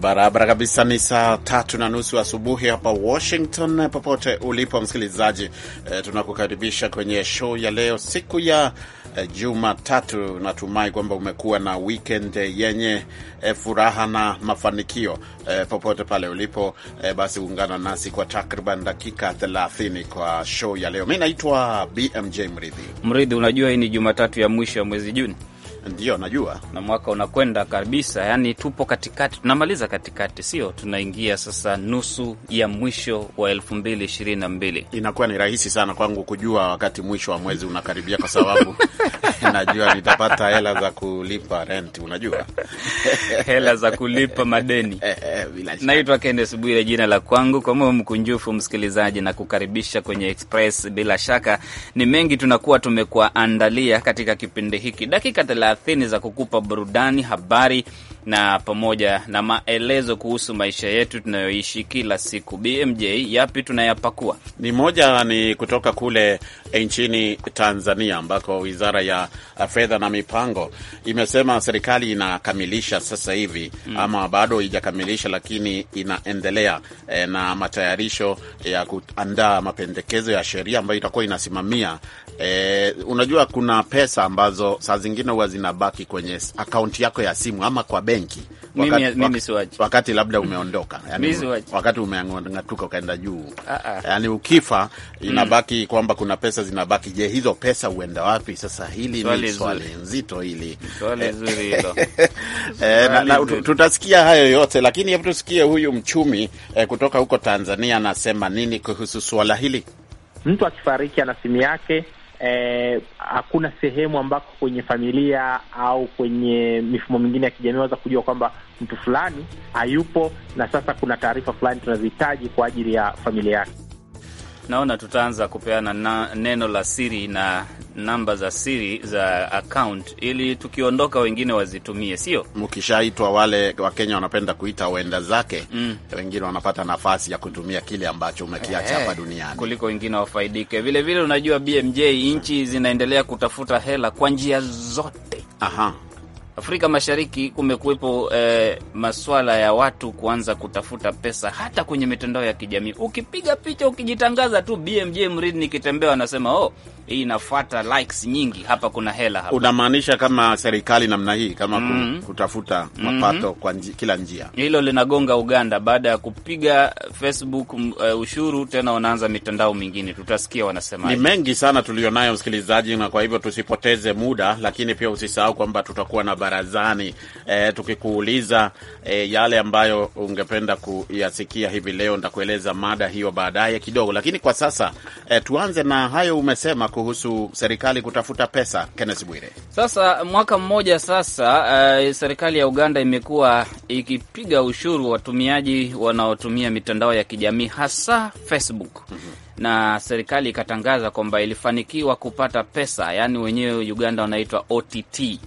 Barabara kabisa ni saa tatu na nusu asubuhi hapa Washington. Popote ulipo msikilizaji, e, tunakukaribisha kwenye show ya leo, siku ya e, Jumatatu. Natumai kwamba umekuwa na weekend yenye e, furaha na mafanikio e, popote pale ulipo e, basi ungana nasi kwa takriban dakika 30 kwa show ya leo. Mi naitwa BMJ Mridhi Mridhi. Unajua hii ni Jumatatu ya mwisho ya mwezi Juni ndio, najua na mwaka unakwenda kabisa, yani tupo katikati, tunamaliza katikati, sio tunaingia sasa nusu ya mwisho wa elfu mbili ishirini na mbili. Inakuwa ni rahisi sana kwangu kujua wakati mwisho wa mwezi unakaribia, kwa sababu najua nitapata hela za kulipa rent, unajua hela za kulipa madeni. Eh, eh, Naitwa Kennes Bwire, jina la kwangu. Kwa moyo mkunjufu, msikilizaji, na kukaribisha kwenye Express. Bila shaka ni mengi tunakuwa tumekuandalia katika kipindi hiki dakika 30 za kukupa burudani, habari na pamoja na maelezo kuhusu maisha yetu tunayoishi kila siku. BMJ, yapi tunayapakua? Ni moja ni kutoka kule eh, nchini Tanzania ambako Wizara ya eh, Fedha na Mipango imesema serikali inakamilisha sasa hivi mm, ama bado haijakamilisha lakini inaendelea e, na matayarisho ya kuandaa mapendekezo ya sheria ambayo itakuwa inasimamia e, unajua kuna pesa ambazo saa zingine huwa zinabaki kwenye akaunti yako ya simu ama kwa benki wakati, mimi, mimi Wakati labda umeondoka yani, wakati umeng'atuka ukaenda juu ah, ah. yani ukifa inabaki mm, kwamba kuna pesa zinabaki. Je, hizo pesa uenda wapi? Sasa hili swali ni swali zuri, nzito hili swali eh, zuri hilo eh, na, na, tutasikia hayo yote lakini hebu tusikie huyu mchumi eh, kutoka huko Tanzania anasema nini kuhusu swala hili. Mtu akifariki ana simu yake Eh, hakuna eh, sehemu ambako kwenye familia au kwenye mifumo mingine ya kijamii waweza kujua kwamba mtu fulani hayupo na sasa kuna taarifa fulani tunazihitaji kwa ajili ya familia yake naona tutaanza kupeana na, neno la siri na namba za siri za account ili tukiondoka wengine wazitumie, sio? Mkishaitwa wale Wakenya wanapenda kuita wenda zake mm. Wengine wanapata nafasi ya kutumia kile ambacho umekiacha hapa eh, duniani kuliko wengine wafaidike vilevile. Unajua BMJ, nchi zinaendelea kutafuta hela kwa njia zote. Aha. Afrika Mashariki kumekuwepo eh, maswala ya watu kuanza kutafuta pesa hata kwenye mitandao ya kijamii. Ukipiga picha, ukijitangaza tu BMJ Mrid, nikitembea anasema oh, hii inafuata likes nyingi hapa, kuna hela hapa. Unamaanisha kama serikali namna hii kama mm -hmm. kutafuta mm-hmm. mapato mm -hmm. kwa nji, kila njia. Hilo linagonga Uganda baada ya kupiga Facebook uh, ushuru tena wanaanza mitandao mingine, tutasikia wanasema. Ni mengi sana tulionayo msikilizaji, na kwa hivyo tusipoteze muda, lakini pia usisahau kwamba tutakuwa na barazani e, tukikuuliza e, yale ambayo ungependa kuyasikia hivi leo. Nitakueleza mada hiyo baadaye kidogo, lakini kwa sasa e, tuanze na hayo umesema kuhusu serikali kutafuta pesa. Kenneth Bwire, sasa mwaka mmoja sasa, uh, serikali ya Uganda imekuwa ikipiga ushuru watumiaji wanaotumia mitandao ya kijamii hasa Facebook. mm -hmm na serikali ikatangaza kwamba ilifanikiwa kupata pesa, yaani wenyewe Uganda wanaitwa OTT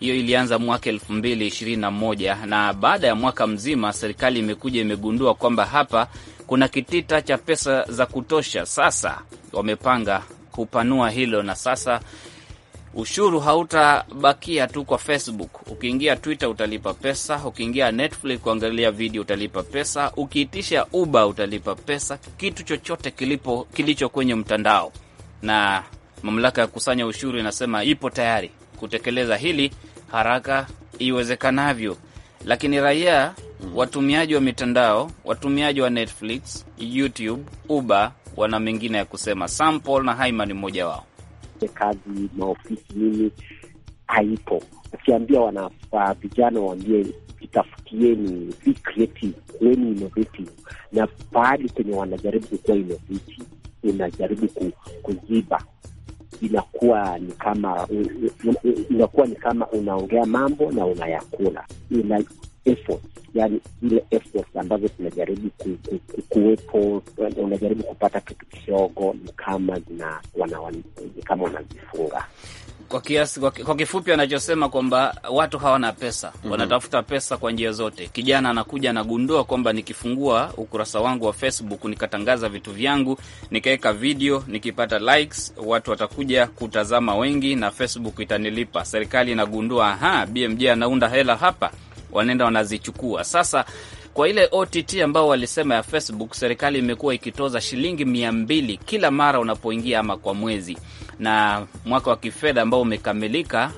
hiyo ilianza mwaka elfu mbili ishirini na moja na baada ya mwaka mzima serikali imekuja imegundua kwamba hapa kuna kitita cha pesa za kutosha. Sasa wamepanga kupanua hilo, na sasa ushuru hautabakia tu kwa Facebook. Ukiingia Twitter utalipa pesa, ukiingia Netflix kuangalia video utalipa pesa, ukiitisha Uber utalipa pesa, kitu chochote kilipo kilicho kwenye mtandao. Na mamlaka ya kusanya ushuru inasema ipo tayari kutekeleza hili haraka iwezekanavyo, lakini raia mm-hmm. watumiaji wa mitandao, watumiaji wa Netflix, YouTube, Uber wana mengine ya kusema. Sample na Haima ni mmoja wao. Kazi maofisi nini haipo, ukiambia wana vijana waambie itafutieni, be creative, innovative, na pahali kwenye wanajaribu kukuwa innovative unajaribu kuziba inakuwa ni kama inakuwa ni kama unaongea mambo na unayakula, ila effort yani ile effort ambazo tunajaribu ku, ku, ku, kuwepo, unajaribu kupata kitu kidogo, ni kama zina wana, kama wanazifunga kwa kiasi, kwa kifupi anachosema kwamba watu hawana pesa mm -hmm. Wanatafuta pesa kwa njia zote. Kijana anakuja anagundua kwamba nikifungua ukurasa wangu wa Facebook nikatangaza vitu vyangu nikaweka video nikipata likes, watu watakuja kutazama wengi na Facebook itanilipa. Serikali inagundua aha, BMJ anaunda hela hapa, wanaenda wanazichukua sasa kwa ile OTT ambao walisema ya Facebook, serikali imekuwa ikitoza shilingi mia mbili kila mara unapoingia ama kwa mwezi, na mwaka wa kifedha ambao umekamilika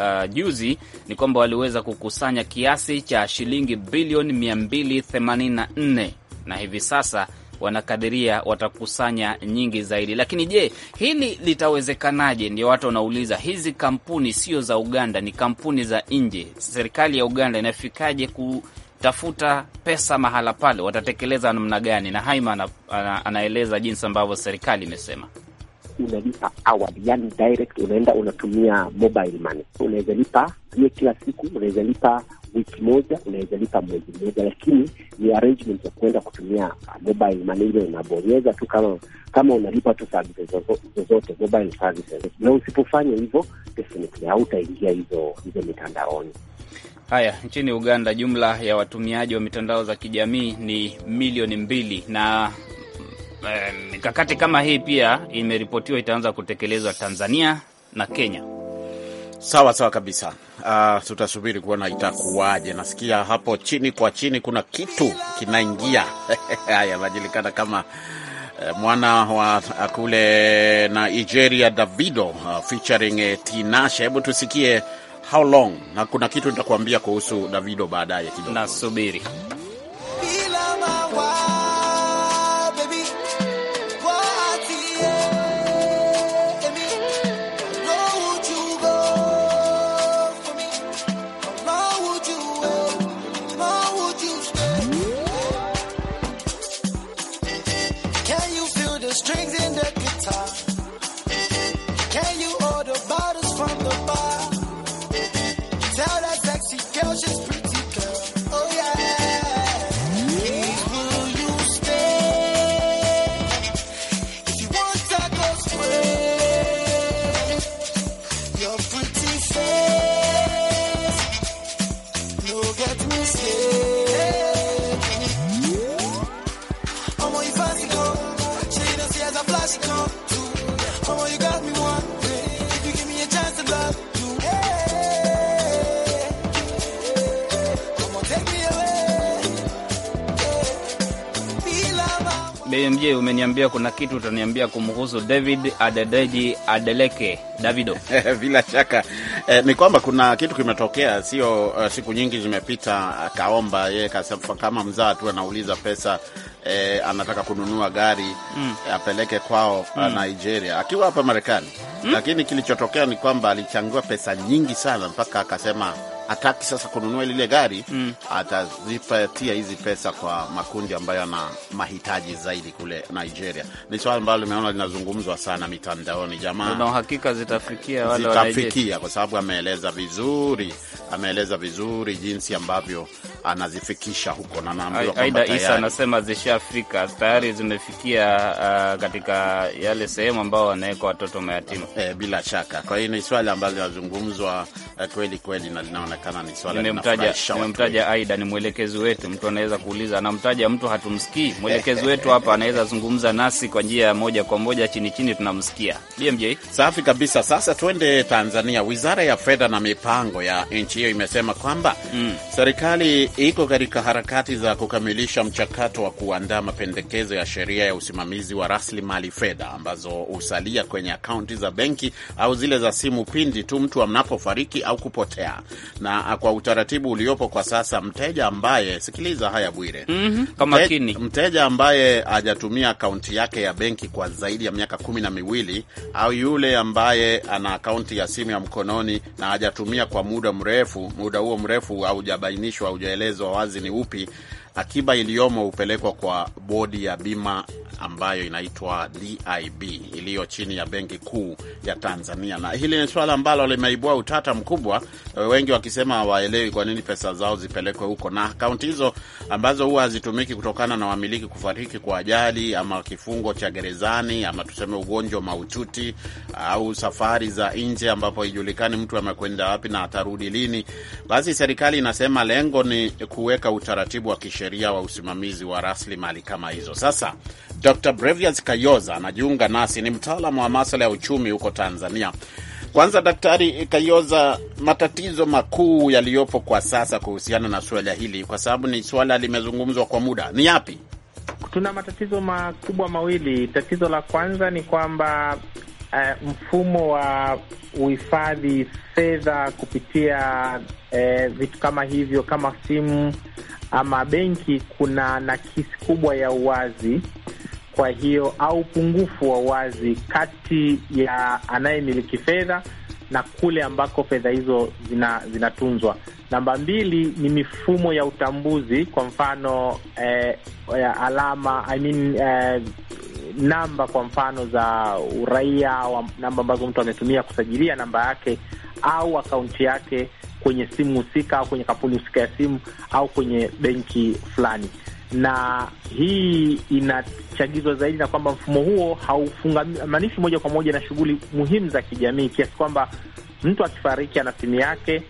Uh, juzi ni kwamba waliweza kukusanya kiasi cha shilingi bilioni 284 na hivi sasa wanakadiria watakusanya nyingi zaidi. Lakini je, hili litawezekanaje? Ndio watu wanauliza. Hizi kampuni sio za Uganda, ni kampuni za nje. Serikali ya Uganda inafikaje ku tafuta pesa mahala pale, watatekeleza namna gani? Na Haima ana, ana, anaeleza jinsi ambavyo serikali imesema unalipa awali, yani direct, unaenda unatumia mobile money, unaweza lipa hiyo kila siku, unaweza lipa wiki moja, unaweza lipa mwezi mmoja, lakini ni arrangement ya kuenda kutumia uh, mobile money. Ile unabonyeza tu kama kama unalipa tu services zozote, mobile services, na usipofanya hivyo definitely hautaingia hizo hizo mitandaoni. Haya, nchini Uganda jumla ya watumiaji wa mitandao za kijamii ni milioni mbili na eh, mikakati um, kama hii pia imeripotiwa itaanza kutekelezwa Tanzania na Kenya. Sawa sawa kabisa. Uh, tutasubiri kuona itakuwaje. Nasikia hapo chini kwa chini kuna kitu kinaingia haya anajulikana kama eh, mwana wa kule Nigeria Davido uh, featuring eh, Tinashe. Hebu tusikie How long, na kuna kitu nitakuambia kuhusu Davido baadaye kidogo, nasubiri. BMJ umeniambia kuna kitu utaniambia kumhusu David Adedeji Adeleke Davido. bila shaka eh, ni kwamba kuna kitu kimetokea, sio uh, siku nyingi zimepita, akaomba eh, yeye kama mzaa tu anauliza pesa eh, anataka kununua gari mm. apeleke kwao eh, mm. Nigeria akiwa hapa Marekani mm. Lakini kilichotokea ni kwamba alichangiwa pesa nyingi sana mpaka akasema hataki sasa kununua lile gari mm, atazipatia hizi pesa kwa makundi ambayo yana mahitaji zaidi kule Nigeria. Ni swala ambalo limeona linazungumzwa sana mitandaoni. Jamaa na hakika zitafikia wale zitafikia, kwa sababu ameeleza vizuri, ameeleza vizuri jinsi ambavyo anazifikisha huko, na naambiwa Aida Isa anasema zishafika tayari, zimefikia uh, katika yale sehemu ambao wanaweka watoto mayatima. E, bila shaka. Kwa hiyo ni swala ambalo linazungumzwa eh, kweli kweli na linaona inaonekana ni swala nimemtaja Nimemtaja Aida, ni mwelekezi wetu. Mtu anaweza kuuliza, anamtaja mtu hatumsikii. Mwelekezi wetu hapa anaweza zungumza nasi kwa njia ya moja kwa moja, chini chini tunamsikia. BMJ, safi kabisa. Sasa twende Tanzania. Wizara ya Fedha na Mipango ya nchi hiyo imesema kwamba mm, serikali iko katika harakati za kukamilisha mchakato wa kuandaa mapendekezo ya sheria ya usimamizi wa rasilimali fedha ambazo husalia kwenye akaunti za benki au zile za simu pindi tu mtu anapofariki au kupotea na kwa utaratibu uliopo kwa sasa, mteja ambaye, sikiliza haya Bwire, mm -hmm. mteja, mteja ambaye hajatumia akaunti yake ya benki kwa zaidi ya miaka kumi na miwili au yule ambaye ana akaunti ya simu ya mkononi na hajatumia kwa muda mrefu, muda huo mrefu haujabainishwa, haujaelezwa wazi ni upi Akiba iliyomo hupelekwa kwa bodi ya bima ambayo inaitwa DIB iliyo chini ya Benki Kuu ya Tanzania, na hili ni suala ambalo limeibua utata mkubwa, e, wengi wakisema hawaelewi kwa nini pesa zao zipelekwe huko, na akaunti hizo ambazo huwa hazitumiki kutokana na wamiliki kufariki kwa ajali ama kifungo cha gerezani ama tuseme ugonjwa mahututi au safari za nje ambapo haijulikani mtu amekwenda wapi na atarudi lini. Basi serikali inasema lengo ni kuweka utaratibu wa kisheria sheria wa usimamizi wa rasilimali kama hizo. Sasa Dr. Brevias Kayoza anajiunga nasi, ni mtaalamu wa masuala ya uchumi huko Tanzania. Kwanza Daktari Kayoza, matatizo makuu yaliyopo kwa sasa kuhusiana na suala hili, kwa sababu ni suala limezungumzwa kwa muda, ni yapi? Tuna matatizo makubwa mawili. Tatizo la kwanza ni kwamba uh, mfumo wa uhifadhi fedha kupitia uh, vitu kama hivyo kama simu ama benki kuna nakisi kubwa ya uwazi, kwa hiyo au upungufu wa uwazi kati ya anayemiliki fedha na kule ambako fedha hizo zina, zinatunzwa. Namba mbili ni mifumo ya utambuzi, kwa mfano eh, alama I mean, eh, namba kwa mfano za uraia, namba ambazo mtu ametumia kusajilia namba yake au akaunti yake kwenye simu husika au kwenye kampuni husika ya simu au kwenye benki fulani, na hii inachagizwa zaidi na kwamba mfumo huo haufungamanishi moja kwa moja na shughuli muhimu za kijamii, kiasi kwamba mtu akifariki ana simu yake.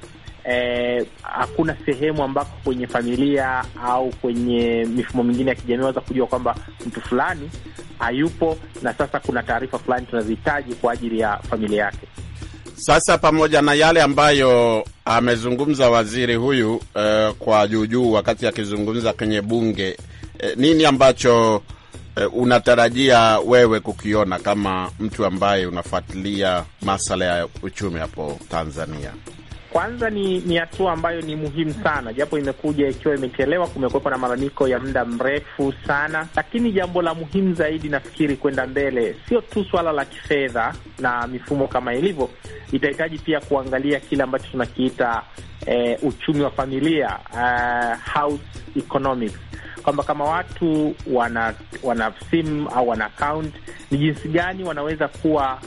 Eh, hakuna sehemu ambako kwenye familia au kwenye mifumo mingine ya kijamii waweza kujua kwamba mtu fulani hayupo na sasa kuna taarifa fulani tunazihitaji kwa ajili ya familia yake. Sasa pamoja na yale ambayo amezungumza waziri huyu uh, kwa juujuu wakati akizungumza kwenye bunge uh, nini ambacho uh, unatarajia wewe kukiona kama mtu ambaye unafuatilia masala ya uchumi hapo Tanzania? Kwanza ni ni hatua ambayo ni muhimu sana, japo imekuja ikiwa imechelewa. Kumekuwepo na malalamiko ya muda mrefu sana, lakini jambo la muhimu zaidi nafikiri kwenda mbele, sio tu swala la kifedha na mifumo kama ilivyo, itahitaji pia kuangalia kile ambacho tunakiita eh, uchumi wa familia uh, house economics kwamba kama watu wana wana simu au wana account, ni jinsi gani wanaweza kuwa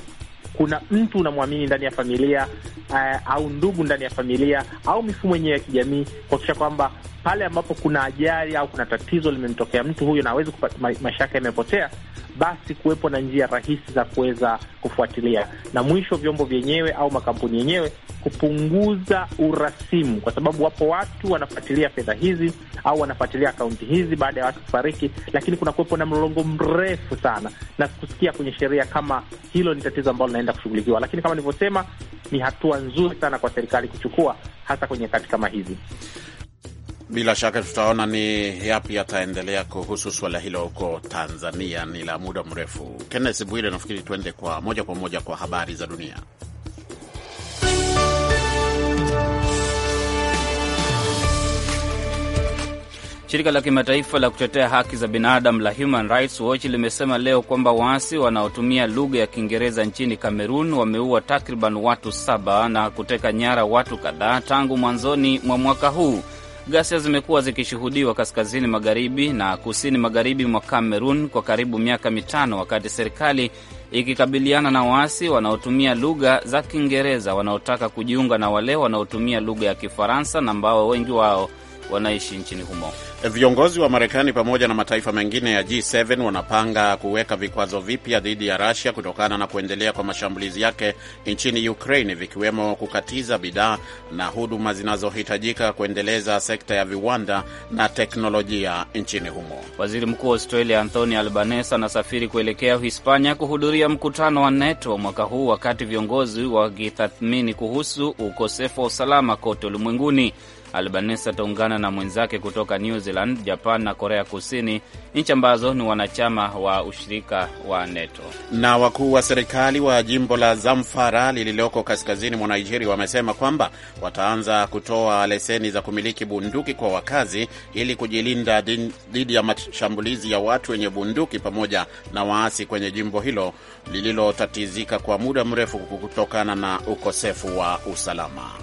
kuna mtu unamwamini ndani ya familia uh, au ndugu ndani ya familia au mifumo yenyewe ya kijamii kuhakikisha kwamba pale ambapo kuna ajali au kuna tatizo limemtokea mtu huyo na hawezi kupata, maisha yamepotea, basi kuwepo na njia rahisi za kuweza kufuatilia, na mwisho vyombo vyenyewe au makampuni yenyewe kupunguza urasimu, kwa sababu wapo watu wanafuatilia fedha hizi au wanafuatilia akaunti hizi baada ya watu kufariki, lakini kuna kuwepo na mlolongo mrefu sana, na kusikia kwenye sheria kama hilo ni tatizo ambalo linaenda kushughulikiwa. Lakini kama nilivyosema, ni hatua nzuri sana kwa serikali kuchukua, hasa kwenye kati kama hizi. Bila shaka tutaona ni yapi yataendelea kuhusu suala hilo huko Tanzania, ni la muda mrefu. kennes Bwire, nafikiri tuende kwa moja kwa moja kwa habari za dunia. Shirika la kimataifa la kutetea haki za binadamu la Human Rights Watch limesema leo kwamba waasi wanaotumia lugha ya Kiingereza nchini Kamerun wameua takriban watu saba na kuteka nyara watu kadhaa tangu mwanzoni mwa mwaka huu. Ghasia zimekuwa zikishuhudiwa kaskazini magharibi na kusini magharibi mwa Kamerun kwa karibu miaka mitano, wakati serikali ikikabiliana na waasi wanaotumia lugha za Kiingereza wanaotaka kujiunga na wale wanaotumia lugha ya Kifaransa na ambao wengi wao wanaishi nchini humo. Viongozi wa Marekani pamoja na mataifa mengine ya G7 wanapanga kuweka vikwazo vipya dhidi ya Russia kutokana na kuendelea kwa mashambulizi yake nchini Ukraine, vikiwemo kukatiza bidhaa na huduma zinazohitajika kuendeleza sekta ya viwanda na teknolojia nchini humo. Waziri Mkuu wa Australia Anthony Albanese anasafiri kuelekea Hispania kuhudhuria mkutano wa NATO mwaka huu, wakati viongozi wakitathmini kuhusu ukosefu wa usalama kote ulimwenguni. Albanese ataungana na mwenzake kutoka New Zealand, Japan na Korea Kusini, nchi ambazo ni wanachama wa ushirika wa NATO. Na wakuu wa serikali wa jimbo la Zamfara lililoko kaskazini mwa Nigeria wamesema kwamba wataanza kutoa leseni za kumiliki bunduki kwa wakazi ili kujilinda dhidi ya mashambulizi ya watu wenye bunduki pamoja na waasi kwenye jimbo hilo lililotatizika kwa muda mrefu kutokana na ukosefu wa usalama.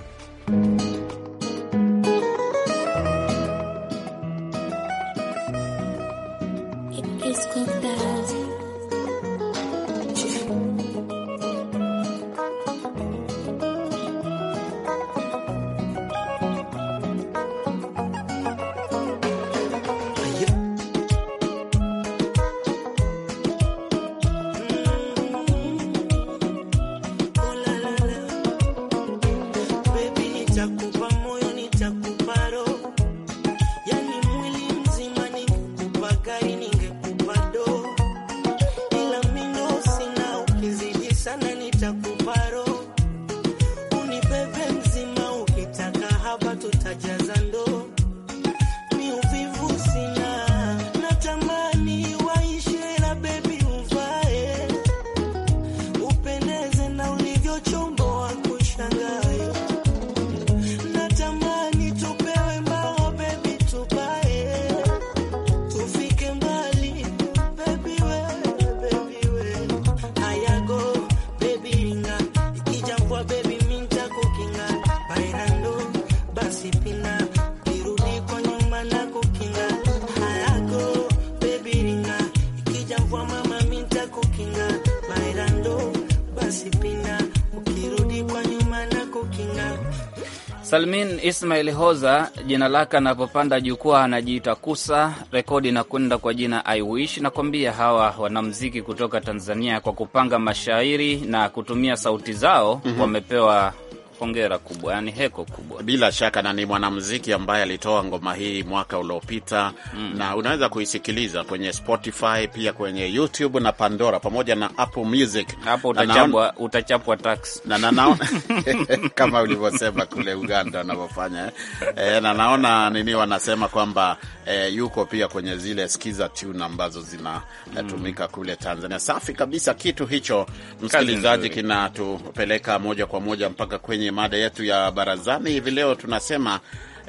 Salmin Ismail Hoza, jina lake anapopanda jukwaa anajiita Kusa, rekodi inakwenda kwa jina I Wish. Nakwambia hawa wanamziki kutoka Tanzania kwa kupanga mashairi na kutumia sauti zao mm -hmm. wamepewa hongera kubwa, yani heko kubwa. Bila shaka, na ni mwanamuziki ambaye alitoa ngoma hii mwaka uliopita mm. na unaweza kuisikiliza kwenye Spotify pia kwenye YouTube na Pandora pamoja na Apple Music. Hapo utachapwa, utachapwa tax na naona kama ulivyosema kule Uganda wanavyofanya eh, eh na naona nini wanasema kwamba e, yuko pia kwenye zile skiza tune ambazo zinatumika eh, mm. kule Tanzania. Safi kabisa kitu hicho, msikilizaji, kinatupeleka moja kwa moja mpaka kwenye kwenye mada yetu ya barazani hivi leo tunasema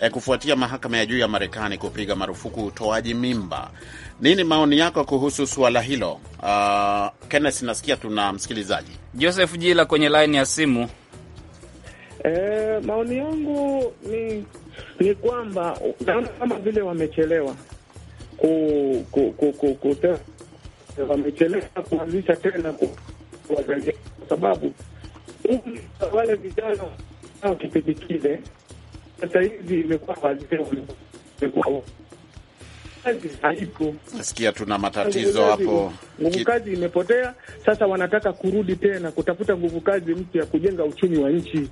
eh, kufuatia mahakama ya juu ya Marekani kupiga marufuku utoaji mimba, nini maoni yako kuhusu suala hilo? Uh, Kenneth, nasikia tuna msikilizaji Joseph Jila kwenye laini ya simu. Eh, maoni yangu ni ni kwamba kama vile wamechelewa ku, ku, ku, ku, ku, wamechelewa kuanzisha tena kwa sababu wale vijana au kipindi kile. Sasa hivi imekuwa wazee Nasikia tuna matatizo hapo, nguvu kazi imepotea. Sasa wanataka kurudi tena kutafuta nguvu kazi mpya kujenga uchumi wa nchi.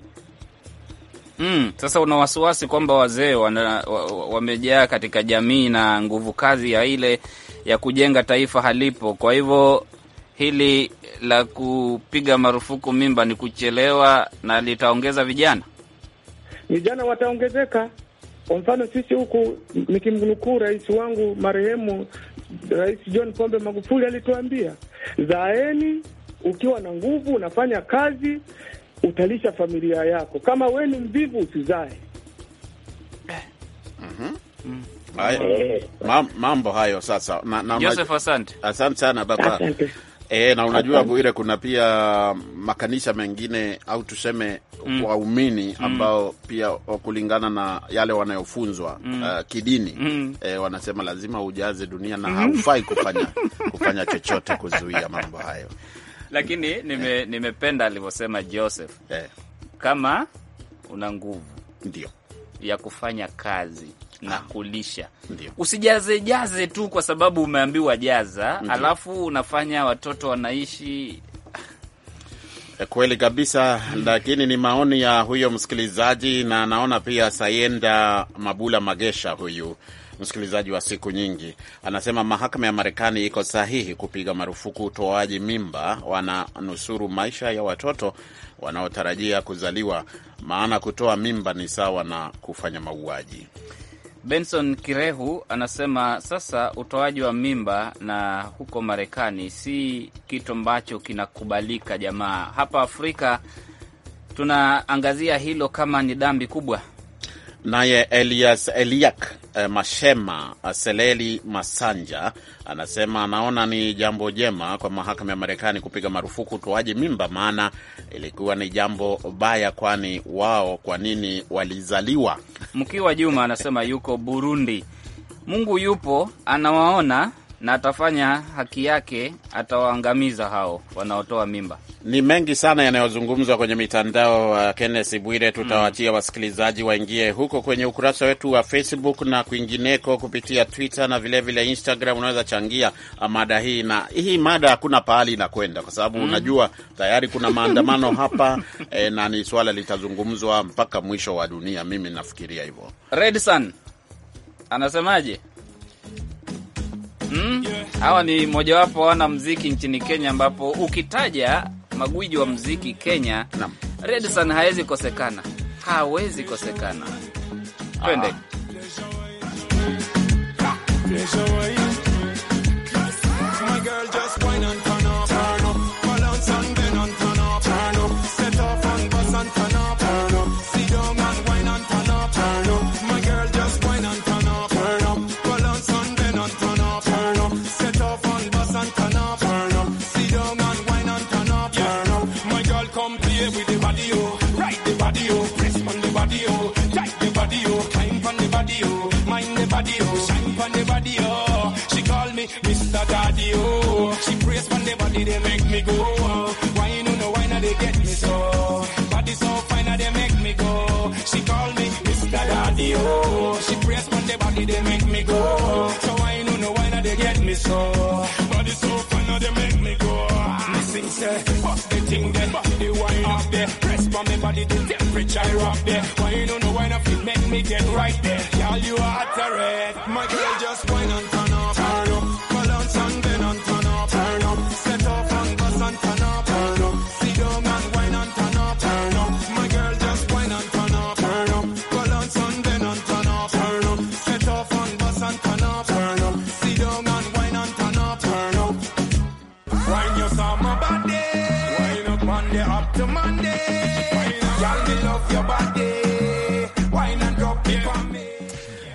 Mm, sasa una wasiwasi kwamba wazee wamejaa wa, wa katika jamii na nguvu kazi ya ile ya kujenga taifa halipo. Kwa hivyo hili la kupiga marufuku mimba ni kuchelewa na litaongeza vijana, vijana wataongezeka. Kwa mfano sisi huku, nikimnukuu rais wangu marehemu Rais John Pombe Magufuli alituambia, zaeni ukiwa na nguvu, unafanya kazi, utalisha familia yako. Kama we ni mvivu, usizae. mm-hmm. mm. Eh. Ma mambo hayo sasa Joseph, asante, asante sana baba, asante. E, na unajua Bwire, kuna pia makanisa mengine au tuseme mm. waumini mm. ambao mm. pia kulingana na yale wanayofunzwa mm. uh, kidini mm. e, wanasema lazima ujaze dunia na mm. haufai kufanya kufanya chochote kuzuia mambo hayo, lakini nime, e. nimependa alivyosema Joseph e. kama una nguvu ndio ya kufanya kazi na kulisha. jaze tu kwa sababu umeambiwa jaza, alafu unafanya watoto wanaishi eh, Kweli kabisa, lakini ni maoni ya huyo msikilizaji, na naona pia Sayenda Mabula Magesha, huyu msikilizaji wa siku nyingi, anasema mahakama ya Marekani iko sahihi kupiga marufuku utoaji mimba, wananusuru maisha ya watoto wanaotarajia kuzaliwa, maana kutoa mimba ni sawa na kufanya mauaji. Benson Kirehu anasema sasa utoaji wa mimba na huko Marekani si kitu ambacho kinakubalika jamaa. Hapa Afrika tunaangazia hilo kama ni dhambi kubwa. Naye Elias Eliak eh, Mashema Seleli Masanja anasema anaona ni jambo jema kwa mahakama ya Marekani kupiga marufuku utoaji mimba, maana ilikuwa ni jambo baya, kwani wao kwa nini walizaliwa? Mkiwa Juma anasema yuko Burundi, Mungu yupo anawaona na atafanya haki yake, atawaangamiza hao wanaotoa mimba. Ni mengi sana yanayozungumzwa kwenye mitandao uh, Kennes Bwire, tutawachia mm, wasikilizaji waingie huko kwenye ukurasa wetu wa Facebook na kwingineko kupitia Twitter na vilevile vile Instagram. Unaweza changia uh, mada hii, na hii mada hakuna pahali inakwenda kwa sababu mm, unajua tayari kuna maandamano hapa e, na ni swala litazungumzwa mpaka mwisho wa dunia. Mimi nafikiria hivyo. redsan anasemaje? Mm, hawa ni mojawapo wana mziki nchini Kenya, ambapo ukitaja magwiji wa mziki Kenya na Redson hawezi kosekana, hawezi kosekana. Twende ah. they make me go out. Why you know no why now they get me so? Body so fine now they make me go. She call me Mr. Daddy oh. She press on the body they make me go. So why you know no why now they get me so? Body so fine now they make me go. Missing say, bust the thing then, the wine up there. Press on me body the temperature up there. Why you know no why now make me get right there? Girl you are hot red. My girl just wine on time.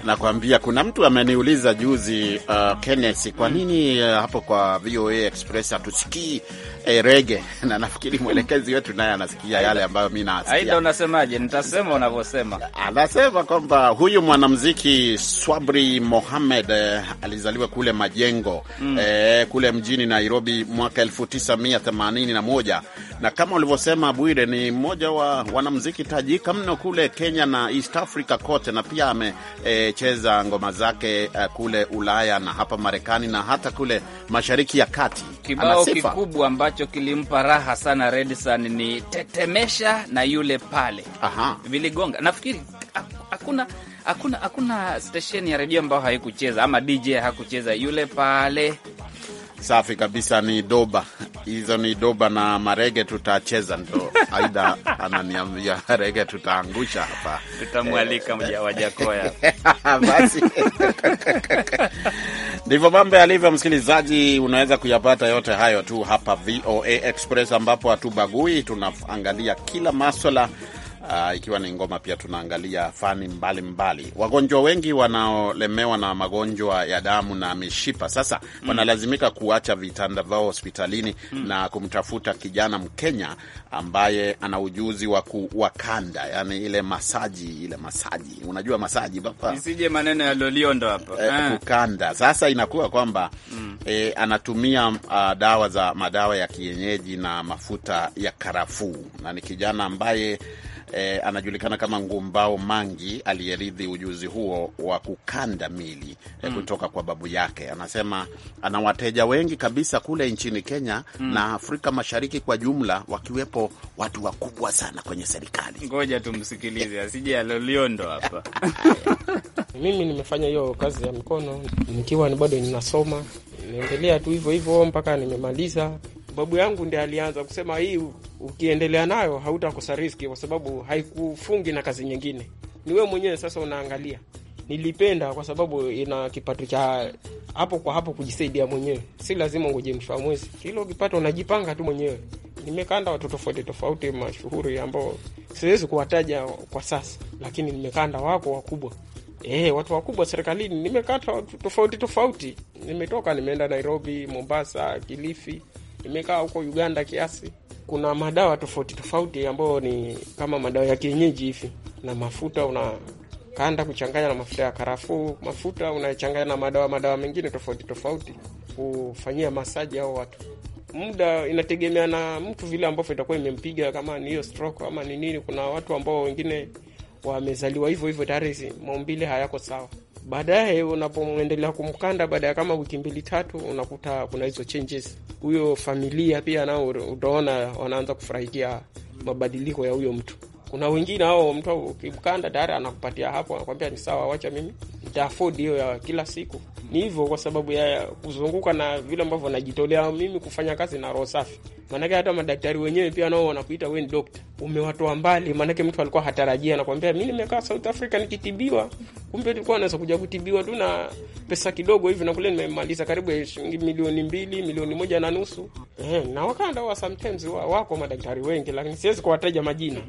Nakwambia kuna mtu ameniuliza juzi uh, Kenneth, kwa nini uh, hapo kwa VOA Express hatusikii eh, rege na nafikiri mwelekezi wetu naye anasikia yale ambayo mi nasikia. Aida, unasemaje? Nitasema unavyosema. Anasema kwamba huyu mwanamuziki Swabri Mohamed eh, alizaliwa kule Majengo mm. eh, kule mjini Nairobi mwaka 1981 na kama ulivyosema Bwire ni mmoja wa wanamuziki tajika mno kule Kenya na East Africa kote, na pia amecheza e, ngoma zake e, kule Ulaya na hapa Marekani na hata kule Mashariki ya Kati. Kibao kikubwa ambacho kilimpa raha sana Redsan ni tetemesha na yule pale Aha. viligonga nafikiri hakuna hakuna hakuna stesheni ya redio ambayo haikucheza ama DJ hakucheza yule pale. Safi kabisa, ni doba hizo ni doba na marege, tutacheza ndo aida ananiambia rege, tutaangusha hapa, tutamwalika mja wajakoya basi ndivyo mambo yalivyo, msikilizaji. Unaweza kuyapata yote hayo tu hapa VOA Express, ambapo hatubagui, tunaangalia kila maswala uh, ikiwa ni ngoma pia tunaangalia fani mbalimbali mbali. Wagonjwa wengi wanaolemewa na magonjwa ya damu na mishipa sasa mm. wanalazimika kuacha vitanda vyao hospitalini mm. na kumtafuta kijana Mkenya ambaye ana ujuzi wa kuwakanda, yani ile masaji, ile masaji, unajua masaji baba, isije maneno ya Loliondo hapa eh, eh, kukanda. Sasa inakuwa kwamba mm. eh, anatumia uh, dawa za madawa ya kienyeji na mafuta ya karafuu na ni kijana ambaye eh, anajulikana kama Ngumbao Mangi aliyerithi ujuzi huo wa kukanda mili eh, mm. kutoka kwa babu yake. Anasema ana wateja wengi kabisa kule nchini Kenya mm. na Afrika Mashariki kwa jumla, wakiwepo watu wakubwa sana kwenye serikali. Ngoja tumsikilize asije aloliondo hapa. Mimi nimefanya hiyo kazi ya mikono nikiwa bado ninasoma, niendelea tu hivyo hivyo mpaka nimemaliza babu yangu ndiye alianza kusema hii, ukiendelea nayo hautakosa riski, kwa sababu haikufungi na kazi nyingine. Ni wewe mwenyewe sasa unaangalia. Nilipenda kwa sababu ina kipato cha hapo kwa hapo, kujisaidia mwenyewe, si lazima ngoje mwisho wa mwezi. Kila ukipata unajipanga tu mwenyewe. Nimekanda watu tofauti tofauti mashuhuri ambao siwezi kuwataja kwa sasa, lakini nimekanda wako wakubwa Eh, watu wakubwa serikalini nimekata watu tofauti tofauti. Nimetoka nimeenda Nairobi, Mombasa, Kilifi, imekaa huko Uganda kiasi, kuna madawa tofauti tofauti ambayo ni kama madawa ya kienyeji hivi, na mafuta unakanda kuchanganya na mafuta ya karafuu, mafuta unachanganya na madawa madawa mengine tofauti tofauti, kufanyia masaji hao watu muda inategemea na mtu vile ambavyo itakuwa imempiga, kama ni hiyo stroke ama ni nini. Kuna watu ambao wengine wamezaliwa hivyo hivyo, tayari maumbile hayako sawa baadaye unapoendelea kumkanda, baada ya kama wiki mbili tatu, unakuta kuna hizo changes. Huyo familia pia nao utaona wanaanza kufurahikia mabadiliko ya huyo mtu. Kuna wengine hao mtu ukimkanda tayari anakupatia hapo, anakwambia ni sawa, wacha mimi utaafodi hiyo ya kila siku. Ni hivyo kwa sababu ya kuzunguka na vile ambavyo wanajitolea, mimi kufanya kazi na roho safi. Maanake hata madaktari wenyewe pia nao wanakuita we ni dokta, umewatoa mbali. Maanake mtu alikuwa hatarajia, nakwambia mi nimekaa South Africa nikitibiwa, kumbe tulikuwa naweza kuja kutibiwa tu na pesa kidogo hivi, na kule nimemaliza karibu shilingi milioni mbili, milioni moja na nusu. Eh, na wakanda wa sometimes wa, wako madaktari wengi, lakini siwezi kuwataja majina,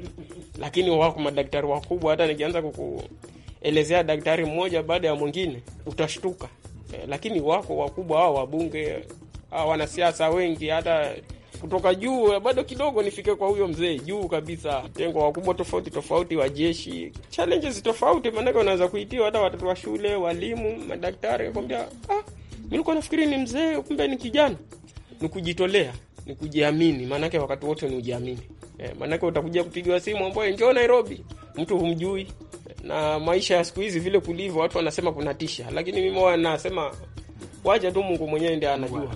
lakini wako madaktari wakubwa. Hata nikianza kuku elezea daktari mmoja baada ya mwingine utashtuka. Eh, lakini wako wakubwa hao wabunge, hao wanasiasa wengi, hata kutoka juu bado kidogo nifike kwa huyo mzee juu kabisa, tengo wakubwa tofauti tofauti wa jeshi, challenges tofauti, maanake wanaweza kuitiwa hata watoto wa shule, walimu, madaktari, akwambia ah, nilikuwa nafikiri ni mzee, kumbe ni kijana. Ni kujitolea, ni kujiamini, maanake wakati wote ni ujiamini. Eh, maanake utakuja kupigiwa simu ambayo njoo Nairobi, mtu humjui na maisha ya siku hizi vile kulivyo, watu wanasema kuna tisha lakini mimi mwa nasema wacha tu Mungu mwenyewe ndiye anajua.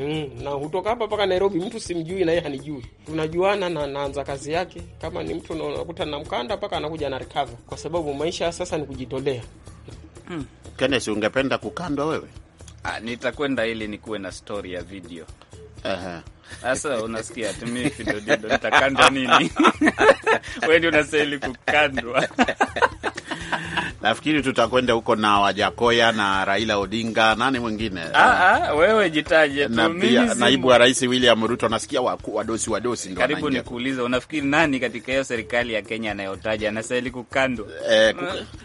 Mm, na kutoka hapa mpaka Nairobi, mtu simjui na yeye hanijui, tunajuana na naanza kazi yake. Kama ni mtu unakuta na mkanda mpaka anakuja na recover, kwa sababu maisha sasa ni kujitolea. Mm. Kenneth, ungependa kukandwa wewe? Ah, nitakwenda ili nikuwe na story ya video. Aha. Sasa unasikia tumi video ndio nitakandwa nini? Wewe ndio ili kukandwa. Nafikiri tutakwenda huko na Wajakoya na Raila Odinga, nani mwingine? Aa, ah, ah, wewe jitaje tu. Na pia naibu wa rais William Ruto, nasikia wadosi wadosi ndio karibu. Nikuuliza, unafikiri nani katika hiyo serikali ya Kenya anayotaja anastahili kukandwa? Eh,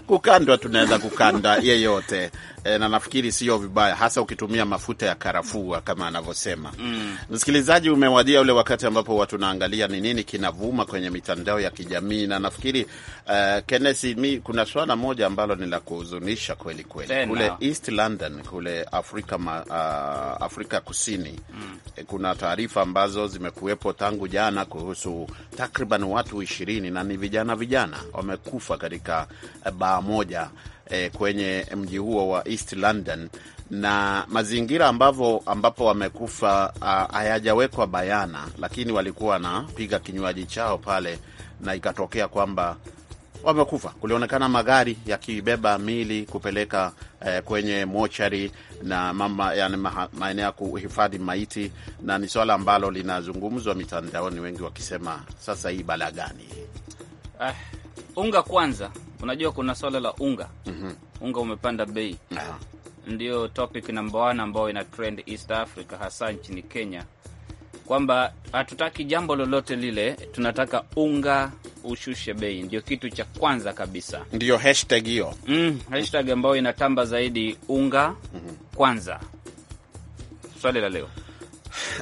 kukandwa, tunaweza kukanda yeyote eh, na nafikiri sio vibaya, hasa ukitumia mafuta ya karafua kama anavyosema mm. Msikilizaji, umewadia ule wakati ambapo watu naangalia ni nini kinavuma kwenye mitandao ya kijamii, na nafikiri uh, eh, Kenesi, mi kuna swala moja ambalo ni la kuhuzunisha kweli kweli kule East London kule Afrika, ma, uh, Afrika Kusini mm. Kuna taarifa ambazo zimekuwepo tangu jana kuhusu takriban watu ishirini na ni vijana vijana wamekufa katika eh, baa moja eh, kwenye mji huo wa East London na mazingira ambavo, ambapo wamekufa ah, hayajawekwa bayana, lakini walikuwa wanapiga kinywaji chao pale na ikatokea kwamba wamekufa. Kulionekana magari yakibeba mili kupeleka eh, kwenye mochari na mama, yani maeneo ya kuhifadhi maiti, na ni swala ambalo linazungumzwa mitandaoni, wengi wakisema sasa hii bala gani? Eh, unga kwanza, unajua kuna swala la unga mm -hmm. unga umepanda bei, ah. ndio topic namba 1 ambayo ina trend East Africa, hasa nchini Kenya kwamba hatutaki jambo lolote lile, tunataka unga ushushe bei, ndio kitu cha kwanza kabisa, ndio hashtag hiyo mm, hashtag ambayo inatamba zaidi, unga mhm. kwanza. Swali la leo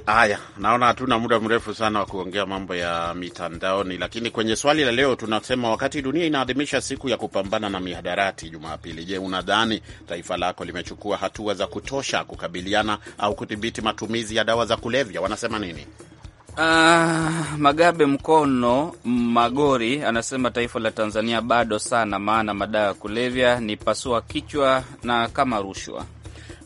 Haya, naona hatuna muda mrefu sana wa kuongea mambo ya mitandaoni, lakini kwenye swali la leo tunasema, wakati dunia inaadhimisha siku ya kupambana na mihadarati Jumapili, je, unadhani taifa lako limechukua hatua za kutosha kukabiliana au kudhibiti matumizi ya dawa za kulevya? Wanasema nini? Uh, Magabe Mkono Magori anasema taifa la Tanzania bado sana, maana madawa ya kulevya ni pasua kichwa na kama rushwa.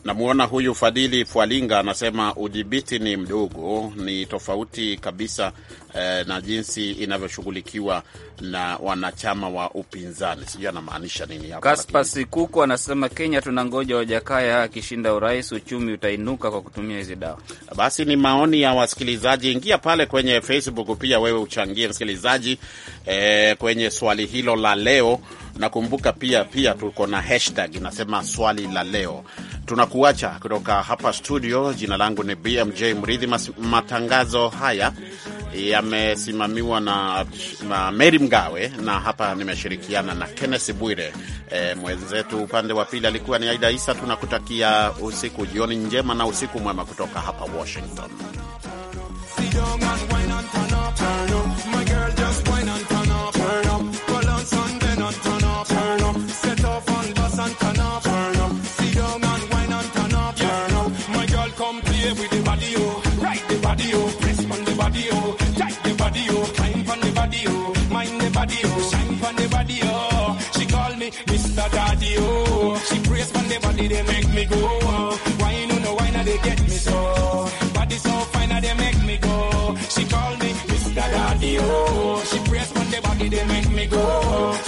Namwona huyu Fadhili Fwalinga anasema udhibiti ni mdogo, ni tofauti kabisa eh, na jinsi inavyoshughulikiwa na wanachama wa upinzani. Sijui anamaanisha nini hapa. Sikuku anasema Kenya tunangoja Wajakaya akishinda urais uchumi utainuka kwa kutumia hizi dawa. Basi ni maoni ya wasikilizaji. Ingia pale kwenye Facebook pia wewe uchangie msikilizaji, eh, kwenye swali hilo la leo. Nakumbuka pia pia tuko na hashtag inasema swali la leo tunakuacha kutoka hapa studio. Jina langu ni BMJ Mridhi. Matangazo haya yamesimamiwa na, na Meri Mgawe na hapa nimeshirikiana na Kenneth Bwire. E, mwenzetu upande wa pili alikuwa ni Aida Isa. Tunakutakia usiku, jioni njema na usiku mwema kutoka hapa Washington. Mr. Daddy, oh She praise on the body, they make me go Why you know, no, why oh, not they get me so Body so fine, oh, they make me go She call me Mr. Daddy, oh She praise on the body, they make me go oh.